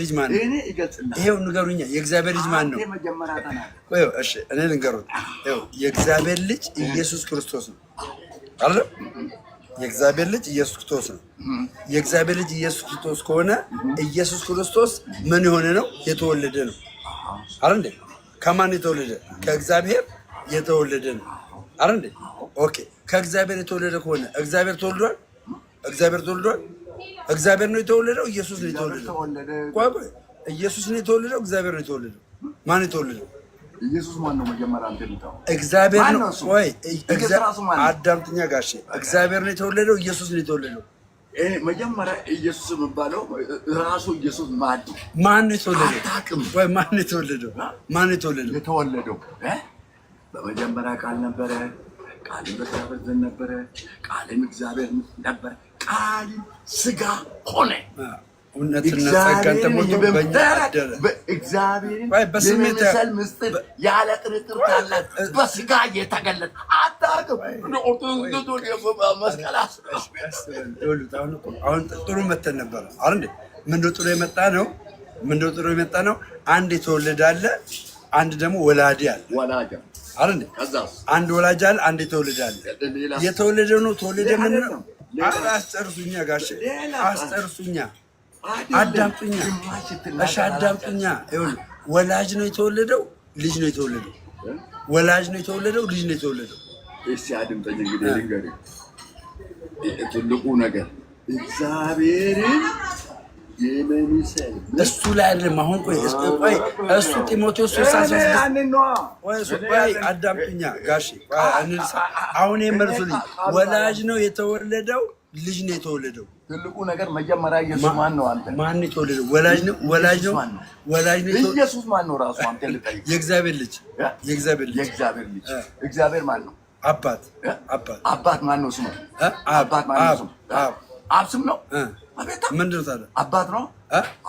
ልጅ ማን ነው? ይሄው ንገሩኛ። የእግዚአብሔር ልጅ ማን ነው? እሺ እኔ ልንገሩት። የእግዚአብሔር ልጅ ኢየሱስ ክርስቶስ ነው አይደል? የእግዚአብሔር ልጅ ኢየሱስ ክርስቶስ ነው። የእግዚአብሔር ልጅ ኢየሱስ ክርስቶስ ከሆነ ኢየሱስ ክርስቶስ ምን የሆነ ነው? የተወለደ ነው አይደል እንዴ? ከማን የተወለደ? ከእግዚአብሔር የተወለደ ነው አይደል እንዴ? ኦኬ። ከእግዚአብሔር የተወለደ ከሆነ እግዚአብሔር ተወልዷል። እግዚአብሔር ተወልዷል እግዚአብሔር ነው የተወለደው? ኢየሱስ ነው የተወለደው? ቆይ ኢየሱስ ነው የተወለደው? እግዚአብሔር ነው የተወለደው? ማን የተወለደው? ኢየሱስ ማን ነው መጀመሪያ? አንተ ልታው እግዚአብሔር ነው ወይ? እግዚአብሔር አዳምጥኛ ጋሼ፣ እግዚአብሔር ነው የተወለደው? ኢየሱስ ነው የተወለደው? መጀመሪያ ኢየሱስ የሚባለው ራሱ ኢየሱስ ማን ማን ነው የተወለደው? ወይ ማን ነው የተወለደው? ማን ነው የተወለደው? የተወለደው በመጀመሪያ ቃል ነበረ፣ ቃልም በእግዚአብሔር ዘንድ ነበረ፣ ቃልም እግዚአብሔር ነበር። ቃል ስጋ ሆነ። እግዚአብሔርን ምስጢር ያለ ጥርጥር ታላት በስጋ ጥሩ መተን ነበረ። ምንድን ጥሩ የመጣ ነው? ምንድን ጥሩ የመጣ ነው? አንድ የተወለደ አለ፣ አንድ ደግሞ አለ። አንድ ወላጅ አለ፣ አንድ የተወለደ አለ። የተወለደ ነው ተወለደ ምንድን ነው አስጨርሱኛ ጋሽ አስጨርሱኛ፣ አዳምጡኛ፣ እሺ አዳምጡኛ። ወላጅ ነው የተወለደው፣ ልጅ ነው የተወለደው። ወላጅ ነው የተወለደው፣ ልጅ ነው የተወለደው። እሺ አድምጠኝ። እንግዲህ ልንገርህ ትልቁ ነገር እግዚአብሔርን እሱ ላይ አይደለም። አሁን ቆይ ቆይ እሱ ጢሞቴዎስ ቆይ አዳምጡኛ ጋሼ። አሁን የመልሱልኝ ወላጅ ነው የተወለደው ልጅ ነው የተወለደው። ትልቁ ነገር መጀመሪያ ኢየሱስ ማን ነው? አንተ ማን ነው የተወለደው? ወላጅ ነው ወላጅ ነው ወላጅ ነው ኢየሱስ ማን ነው? ራሱ አንተ ልጠይቅ። የእግዚአብሔር ልጅ የእግዚአብሔር ልጅ የእግዚአብሔር ልጅ እግዚአብሔር ማን ነው? አባት አባት አባት ማን ነው ስሙ? አባት ማን ነው ስሙ? አብስም ነው ምንድን ነው አባት ነው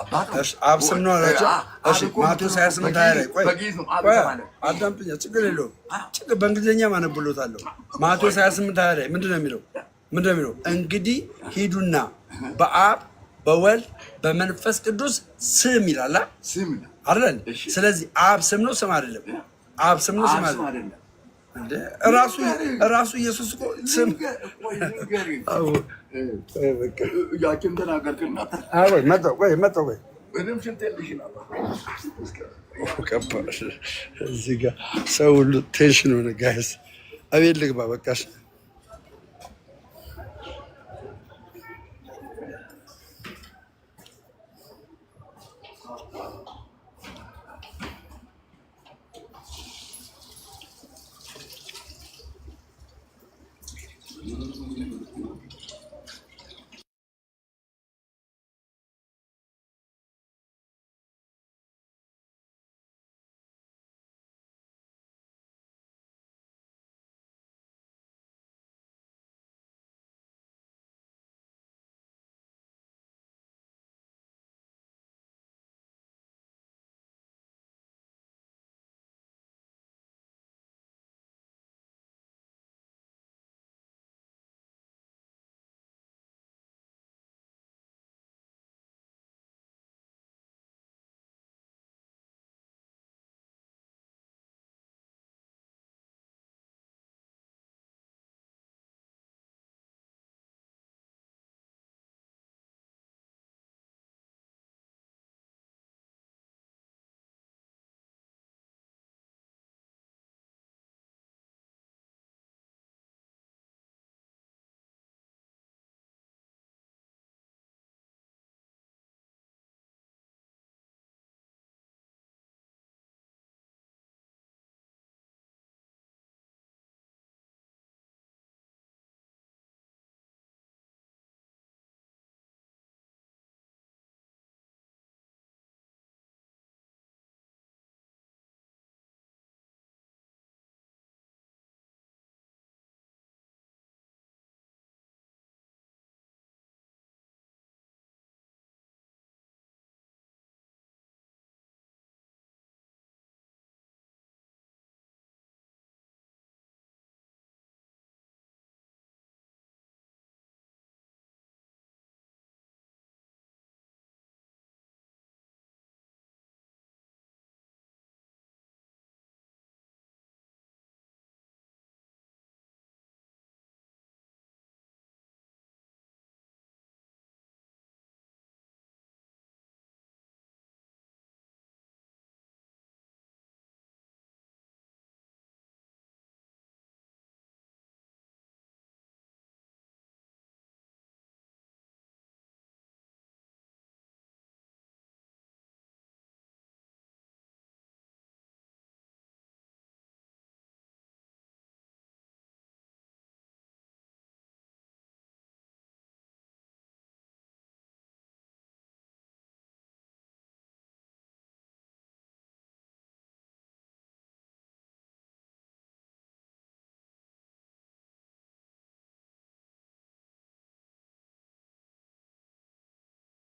አባት ነው አብስም ነው አላቸው። እሺ ማቴዎስ 28 ላይ ቆይ አዳምጥኛ፣ ችግር የለውም ችግር በእንግሊዝኛ ማነብሎታለሁ። ማቴዎስ 28 ላይ ምንድን ነው የሚለው? ምንድን ነው የሚለው? እንግዲህ ሂዱና በአብ በወልድ በመንፈስ ቅዱስ ስም ይላል አይደል? ስለዚህ አብ ስም ነው ስም አይደለም። አብ ስም ነው ስም አይደለም። ራሱ ኢየሱስ እኮ ስም ಯಾಕೆಂದ್ರೆ ನಾ ಕರ್ಕೊಂಡು ಹಾ ಹೋಯ್ ಮತ್ತೆ ಹೋಯ್ ಮತ್ತೆ ಹೋಯ್ እዚጋ ሰው ሁሉ ቴንሽን ሆነ። ጋይስ አቤት ልግባ በቃሽ።